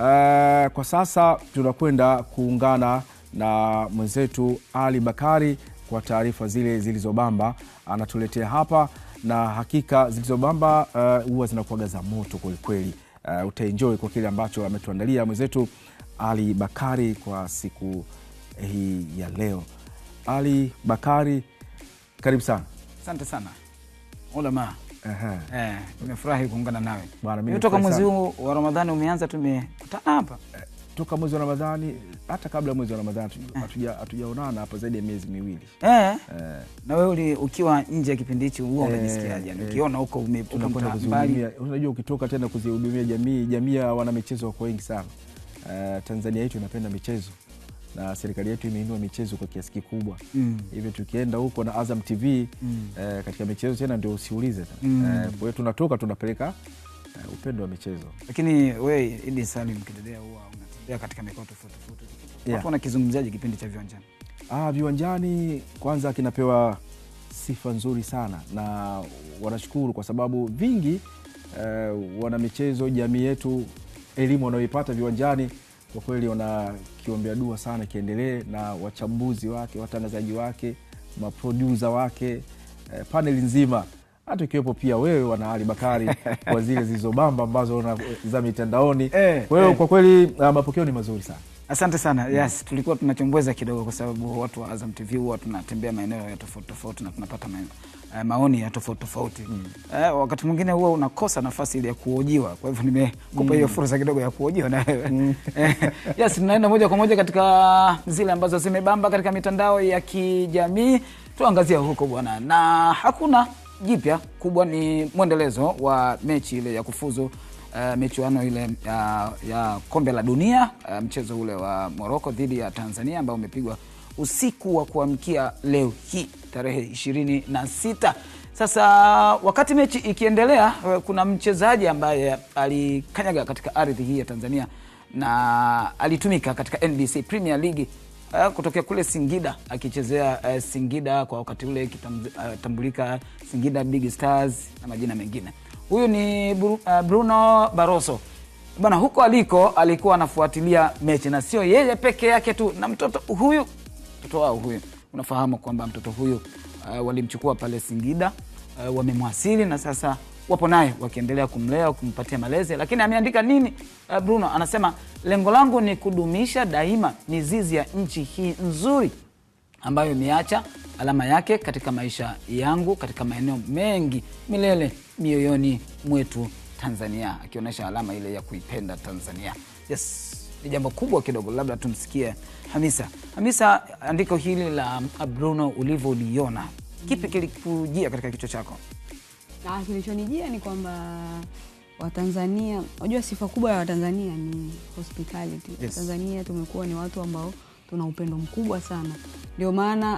Uh, kwa sasa tunakwenda kuungana na mwenzetu Ali Bakari kwa taarifa zile zilizobamba anatuletea hapa, na hakika zilizobamba eh, huwa uh, zinakuaga za moto kwelikweli. Uh, eh, utaenjoi kwa kile ambacho ametuandalia mwenzetu Ali Bakari kwa siku hii ya leo. Ali Bakari, karibu sana. Asante sana Olama. Eh, nimefurahi kuungana nawe Toka mwezi huu wa Ramadhani umeanza, tumekutana hapa eh, toka mwezi wa Ramadhani, hata kabla mwezi wa Ramadhani eh. hatujaonana hapa zaidi ya miezi miwili. Eh, na wewe ukiwa nje ya kipindi hichi huo unajisikiaje? Ukiona huko unajua ukitoka tena kuzihudumia jamii, jamii ya wanamichezo wako wengi sana. Uh, Tanzania yetu inapenda michezo na serikali yetu imeinua michezo kwa kiasi kikubwa mm. Hivyo tukienda huko na Azam TV mm. eh, katika michezo tena ndio usiulize mm. eh, kwa hiyo tunatoka tunapeleka eh, upendo wa michezo. Lakini we Idi Salim, mkitembea huwa unatembea katika mikoa tofauti tofauti, yeah. wanakizungumziaje kipindi cha viwanjani? Ah, viwanjani kwanza kinapewa sifa nzuri sana na wanashukuru kwa sababu vingi eh, wana michezo jamii yetu elimu wanayoipata viwanjani kwa kweli wanakiombea dua sana kiendelee, na wachambuzi wake, watangazaji wake, maprodusa wake, eh, paneli nzima hata ikiwepo pia wewe wana Ali Bakari kwa zile zilizobamba ambazo za mitandaoni eh, kwa hiyo eh, kwa kweli ah, mapokeo ni mazuri sana. Asante sana mm. yes, tulikuwa tunachombweza kidogo, kwa sababu watu wa Azam TV huwa tunatembea maeneo ya tofauti tofauti na tunapata maeneo eh, maoni ya tofauti tofauti mm. Eh, wakati mwingine huwa unakosa nafasi ile ya kuojiwa, kwa hivyo nimekupa mm. hiyo fursa kidogo ya kuojiwa na wewe mm. Yes, tunaenda moja kwa moja katika zile ambazo zimebamba katika mitandao ya kijamii tuangazia huko bwana, na hakuna jipya kubwa, ni mwendelezo wa mechi ile ya kufuzu Uh, michuano ile ya, ya kombe la dunia uh, mchezo ule wa Morocco dhidi ya Tanzania ambao umepigwa usiku wa kuamkia leo hii tarehe 26. Sasa wakati mechi ikiendelea, eh, kuna mchezaji ambaye alikanyaga katika ardhi hii ya Tanzania na alitumika katika NBC Premier League eh, kutokea kule Singida akichezea uh, Singida kwa wakati ule ikitambulika uh, Singida Big Stars na majina mengine. Huyu ni Bru, uh, Bruno Barroso bana, huko aliko alikuwa anafuatilia mechi na sio yeye peke yake tu, na mtoto huyu mtoto wao huyu Unafahamu kwamba mtoto huyu uh, walimchukua pale Singida uh, wamemwasili na sasa wapo naye wakiendelea kumlea kumpatia malezi, lakini ameandika nini? Uh, Bruno anasema lengo langu ni kudumisha daima mizizi ya nchi hii nzuri ambayo imeacha alama yake katika maisha yangu katika maeneo mengi milele mioyoni mwetu Tanzania, akionyesha alama ile ya kuipenda Tanzania. Yes ni jambo kubwa kidogo, labda tumsikie Hamisa. Hamisa, andiko hili la Bruno ulivyoliona, kipi kilikujia katika kichwa chako? Ah, kilichonijia ni kwamba Watanzania, unajua sifa kubwa ya Watanzania ni hospitality. Yes. Watanzania tumekuwa ni watu ambao tuna upendo mkubwa sana, ndio maana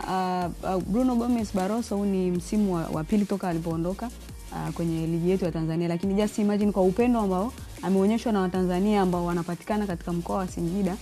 uh, uh, Bruno Gomes baroso huu ni msimu wa, wa pili toka alipoondoka uh, kwenye ligi yetu ya Tanzania, lakini just imagine kwa upendo ambao ameonyeshwa na Watanzania ambao wanapatikana katika mkoa wa Singida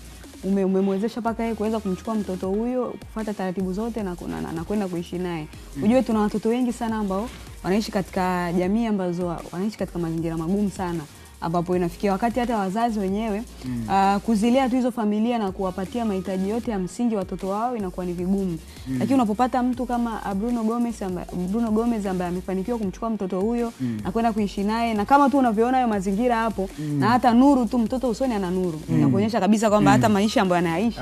ume, umemwezesha mpaka yeye kuweza kumchukua mtoto huyo kufata taratibu zote na, na, na, na kwenda kuishi naye mm. Ujue tuna watoto wengi sana ambao wanaishi katika jamii ambazo wanaishi katika mazingira magumu sana ambapo inafikia wakati hata wazazi wenyewe mm. uh, ah, kuzilea tu hizo familia na kuwapatia mahitaji yote ya msingi watoto wao inakuwa ni vigumu mm. Lakini unapopata mtu kama Bruno Gomez ambaye Bruno Gomez ambaye amefanikiwa kumchukua mtoto huyo mm. na kwenda kuishi naye na kama tu unavyoona hayo mazingira hapo mm. na hata nuru tu mtoto usoni ana nuru mm. inakuonyesha kabisa kwamba mm. hata maisha ambayo anayaishi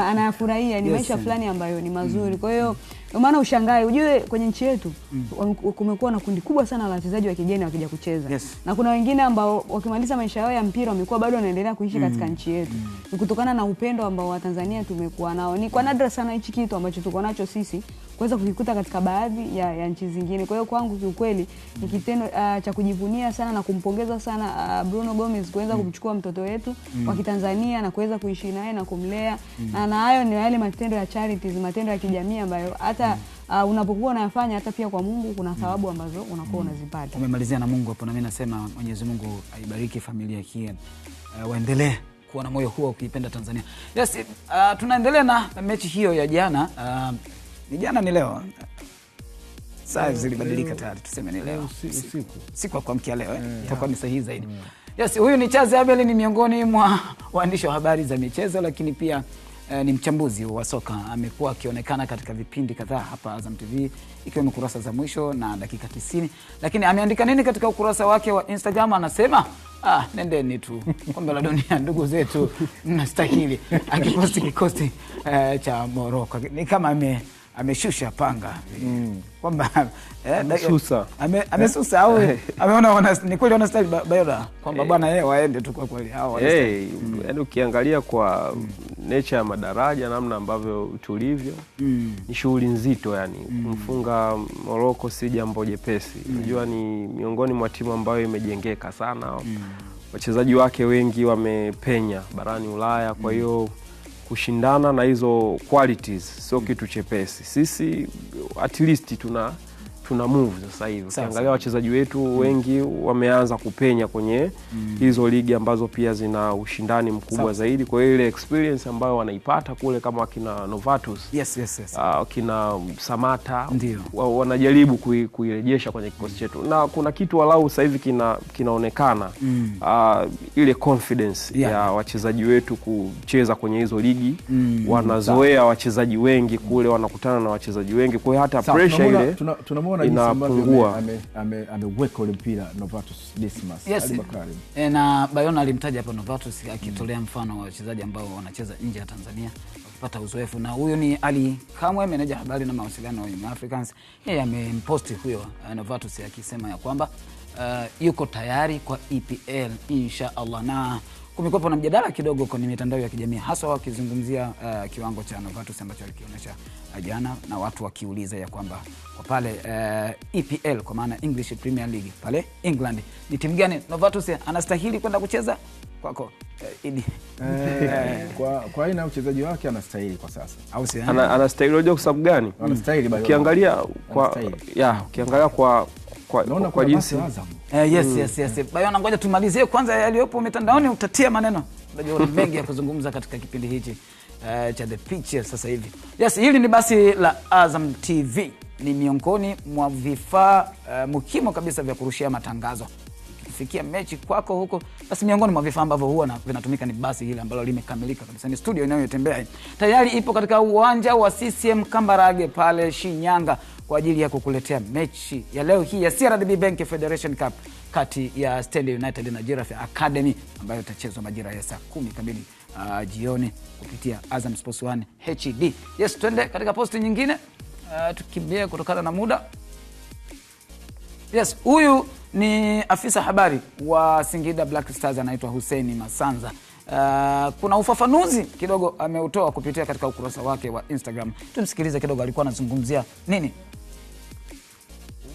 anayafurahia ni maisha fulani ambayo ni mm. mazuri mm. kwa hiyo ndio maana ushangae, ujue kwenye nchi yetu mm. kumekuwa na kundi kubwa sana la wachezaji wa kigeni wakija kucheza yes. na kuna wengine ambao wakimaliza maisha yao ya mpira wamekuwa bado wanaendelea kuishi mm. katika nchi yetu mm. ni kutokana na upendo ambao Watanzania tumekuwa nao. Ni kwa nadra sana hichi kitu ambacho tuko nacho sisi kuweza kujikuta katika baadhi ya, ya nchi zingine. Kwa hiyo kwangu kiukweli ni kitendo uh, cha kujivunia sana na kumpongeza sana uh, Bruno Gomez kuweza mm. kumchukua mtoto wetu mm. wa Kitanzania na kuweza kuishi naye na kumlea mm. na, hayo ni yale matendo ya charities, matendo ya kijamii ambayo hata mm. Uh, unapokuwa unayafanya hata pia kwa Mungu kuna thawabu mm. ambazo unakuwa mm. unazipata. Umemalizia na Mungu hapo, na mimi nasema Mwenyezi Mungu aibariki familia hii uh, waendelee kuwa na moyo huo, kuipenda Tanzania. Yes, uh, tunaendelea na mechi hiyo ya jana uh, ni jana ni leo, saa zilibadilika tayari, tuseme ni leo, siku ya kuamkia leo eh? mm. itakuwa ni sahihi zaidi. Mm. Yes, huyu ni Chazi Abel, ni miongoni mwa waandishi wa habari za michezo, lakini pia eh, ni mchambuzi wa soka. Amekuwa akionekana katika vipindi kadhaa hapa Azam TV ikiwa ni kurasa za mwisho na dakika 90. Lakini ameandika nini katika ukurasa wake wa Instagram? Anasema ah, nendeni tu kombe la dunia, ndugu zetu mnastahili, akikosti kikosi eh, cha Morocco ni kama ame ameshusha panga mm. kwamba eh, amesusa ame, amesusa au eh. ameona ni kweli wana style Bayora kwamba hey. Eh. bwana yeye waende tu kwa kweli hao hey, mm. yaani ukiangalia kwa mm. ya madaraja namna ambavyo tulivyo mm. ni shughuli nzito yani mm. kumfunga moroko si jambo jepesi mm. unajua mm. ni miongoni mwa timu ambayo imejengeka sana mm. wachezaji wake wengi wamepenya barani Ulaya kwa mm. hiyo mm kushindana na hizo qualities sio kitu chepesi. Sisi at least tuna tuna move sasa hivi. Ukiangalia wachezaji wetu mm. wengi wameanza kupenya kwenye mm. hizo ligi ambazo pia zina ushindani mkubwa Sao. zaidi. Kwa hiyo ile experience ambayo wanaipata kule kama wakina Novatus yes, yes, yes. Uh, ah, wakina Samata wa, wanajaribu kuirejesha kwenye kikosi chetu mm. na kuna kitu walau sasa hivi kina, kinaonekana mm. uh, ile confidence yeah. ya wachezaji wetu kucheza kwenye hizo ligi mm. wanazoea wachezaji wengi kule, wanakutana na wachezaji wengi, kwa hiyo hata pressure tunamwona, ile tunamwona unaona inapungua. Ameweka ule mpira Novatus Dismas yes, e, na Bayona alimtaja hapa Novatus akitolea mm. mfano wa wachezaji ambao wanacheza nje ya Tanzania wakipata uzoefu, na huyu ni Ali Kamwe, meneja habari na mawasiliano wa Young Africans. Yeye amemposti huyo eh, Novatus akisema ya kwamba uh, yuko tayari kwa EPL insha Allah na kumekuwepo na mjadala kidogo kwenye mitandao ya kijamii haswa wakizungumzia uh, kiwango cha Novatus ambacho alikionyesha eh, jana na watu wakiuliza ya kwamba kwa pale uh, eh, EPL kwa maana English Premier League pale England ni timu gani Novatus anastahili kwenda kucheza kwako? Idi. Eh, kwa, kwa aina ya uchezaji wake anastahili kwa sasa, au si? Anastahili. Unajua kwa sababu gani? Anastahili. Ukiangalia kwa ya ukiangalia kwa kwa, jinsi eh, mm. yes, yes, yes. Bayona, ngoja tumalizie kwanza yaliyopo mitandaoni, utatia maneno, unajua mengi ya kuzungumza katika kipindi hichi uh, cha the picture sasa hivi. Yes, hili ni basi la Azam TV, ni miongoni mwa vifaa uh, muhimu kabisa vya kurushia matangazo kufikia mechi kwako huko, basi miongoni mwa vifaa ambavyo huwa vinatumika ni basi hili ambalo limekamilika kabisa, ni studio inayotembea tayari ipo katika uwanja wa CCM Kambarage pale Shinyanga kwa ajili ya kukuletea mechi ya leo hii ya CRDB Bank Federation Cup kati ya Stand United na Giraffe Academy ambayo itachezwa majira ya saa kumi kamili uh, jioni kupitia Azam Sports 1 HD. Yes, twende katika posti nyingine uh, tukimbie kutokana na muda. Yes, huyu ni afisa habari wa Singida Black Stars anaitwa huseni Masanza. Uh, kuna ufafanuzi kidogo ameutoa kupitia katika ukurasa wake wa Instagram. Tumsikilize kidogo alikuwa anazungumzia nini.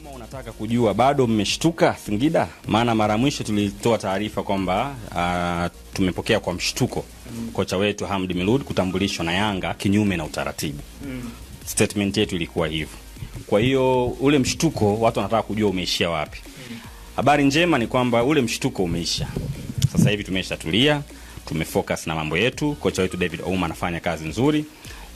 uma unataka kujua bado mmeshtuka Singida? Maana mara mwisho tulitoa taarifa kwamba uh, tumepokea kwa mshtuko mm. kocha wetu Hamdi Milud kutambulishwa na Yanga kinyume na utaratibu mm. Statement yetu ilikuwa hivyo. Kwa hiyo ule mshtuko watu wanataka kujua umeishia wapi. Habari njema ni kwamba ule mshtuko umeisha. Sasa hivi tumeshatulia, tumefocus na mambo yetu. Kocha wetu David Ouma anafanya kazi nzuri,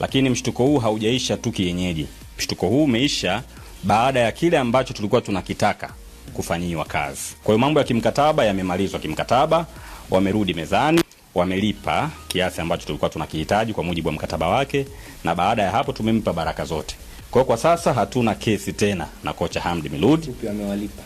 lakini mshtuko huu haujaisha tu kienyeji. Mshtuko huu umeisha baada ya kile ambacho tulikuwa tunakitaka kufanyiwa kazi. Kwa hiyo mambo ya kimkataba yamemalizwa kimkataba, wamerudi mezani, wamelipa kiasi ambacho tulikuwa tunakihitaji kwa mujibu wa mkataba wake, na baada ya hapo tumempa baraka zote. Kwa kwa sasa hatuna kesi tena na kocha Hamdi Miludi.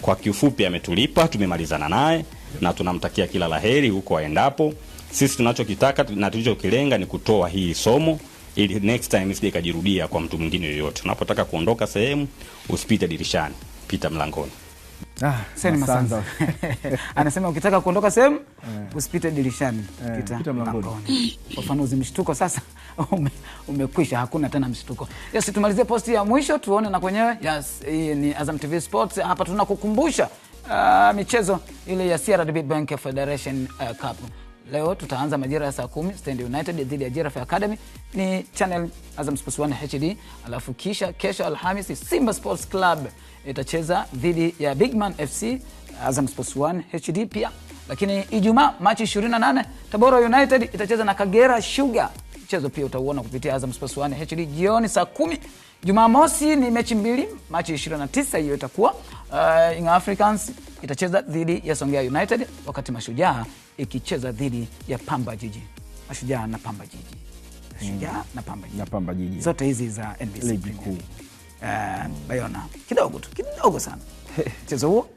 Kwa kiufupi, ametulipa, tumemalizana naye na tunamtakia kila laheri huko aendapo. Sisi tunachokitaka na tulichokilenga ni kutoa hii somo ili next time isije ikajirudia kwa mtu mwingine yoyote. Unapotaka kuondoka sehemu, usipite dirishani, pita mlangoni. Ah, anasema ukitaka kuondoka sehemu yeah, usipite dirishani, yeah, pita mlangoni. Ufafanuzi mshtuko sasa ume, umekwisha, hakuna tena mshtuko. Yes, tumalizie posti ya mwisho tuone na kwenyewe. Yes, hii ni Azam TV Sports. Hapa tunakukumbusha uh, michezo ile ya CRDB Bank Federation uh, Cup leo tutaanza majira ya saa kumi Stand United dhidi ya Jiraf Academy ni channel Azam Sports One HD, alafu kisha kesho Alhamisi Simba Sports Club itacheza dhidi ya Bigman FC Azam Sports 1 HD pia, lakini Ijumaa Machi 28 Tabora United itacheza na Kagera Sugar. Mchezo pia utauona kupitia Azam Sports One HD jioni saa kumi. Jumamosi ni mechi mbili, Machi 29 hiyo itakuwa uh, Africans itacheza dhidi ya Songea United, wakati Mashujaa ikicheza dhidi ya Pamba Jiji. Mashujaa na Pamba Jiji, mm. na Pamba Jiji, zote hizi za NBC Uh, Bayona kidogo tu kidogo sana mchezo huo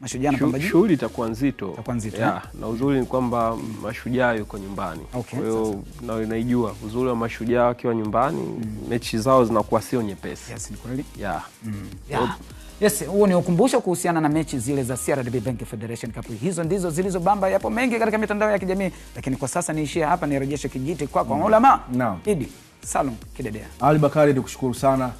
Mashujaa na Pamba Juu. Shughuli itakuwa nzito. Itakuwa nzito. Yeah, na uzuri ni kwamba Mashujaa yuko nyumbani. Okay, kwa hiyo na naijua uzuri wa Mashujaa wakiwa nyumbani mm. mechi zao zinakuwa sio nyepesi. Yes, ni kweli. Yeah. Mm. Yeah. Yes, huo ni ukumbusho kuhusiana na mechi zile za CRDB Bank Federation Cup. Hizo ndizo zilizobamba, yapo mengi katika mitandao ya kijamii, lakini kwa sasa niishie hapa, nirejeshe kijiti kwako kwa mm. Maulama. Naam. Idi Salum Kidedea. Ali Bakari, nikushukuru sana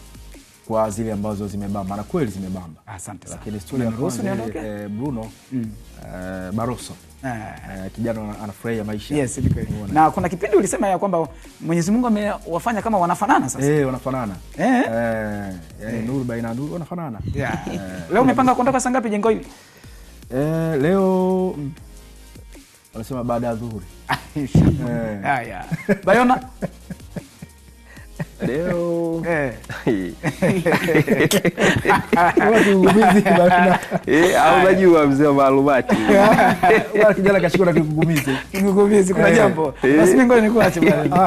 kwa zile ambazo zimebamba na kweli zimebamba. Asante sana. Lakini stori ya kwanza eh, Bruno mm. eh, Barroso ah. eh, kijana anafurahia maisha. Yes, ni kweli. Na kuna kipindi ulisema ya kwamba Mwenyezi Mungu amewafanya kama wanafanana sasa. Eh, wanafanana. Eh. Eh, yani eh, eh. Nuru baina nuru wanafanana. Yeah. Eh, leo umepanga kuondoka saa ngapi jengo hili? Eh, leo mm. wanasema baada ya dhuhuri. Eh. Bayona leo eh. Eh, unajua mzee wa maalumati kijana kashikwa na kigugumizi kigugumizi kuna eh. jambo basi mimi ngoja nikuache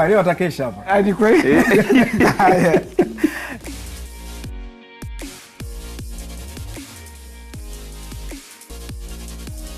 leo atakesha hapa ni kweli